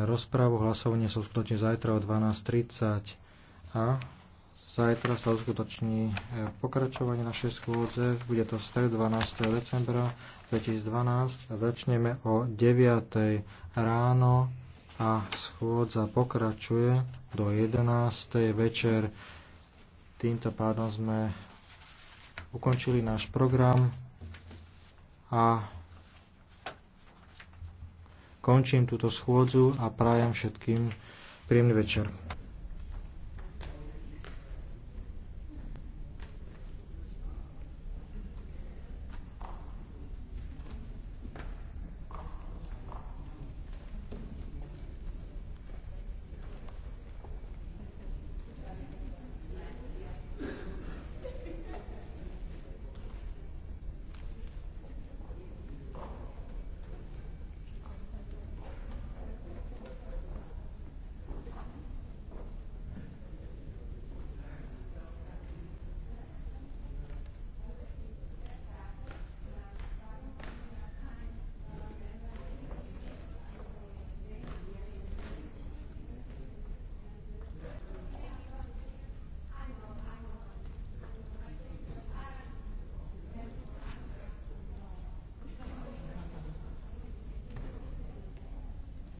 Máme rozprávu, hlasovanie sa uskutoční zajtra o 12.30 a zajtra sa uskutoční e, pokračovanie našej schôdze. Bude to stred 12. decembra 2012 a začneme o 9. ráno a schôdza pokračuje do 11. večer. Týmto pádom sme ukončili náš program a Končím túto schôdzu a prajem všetkým príjemný večer.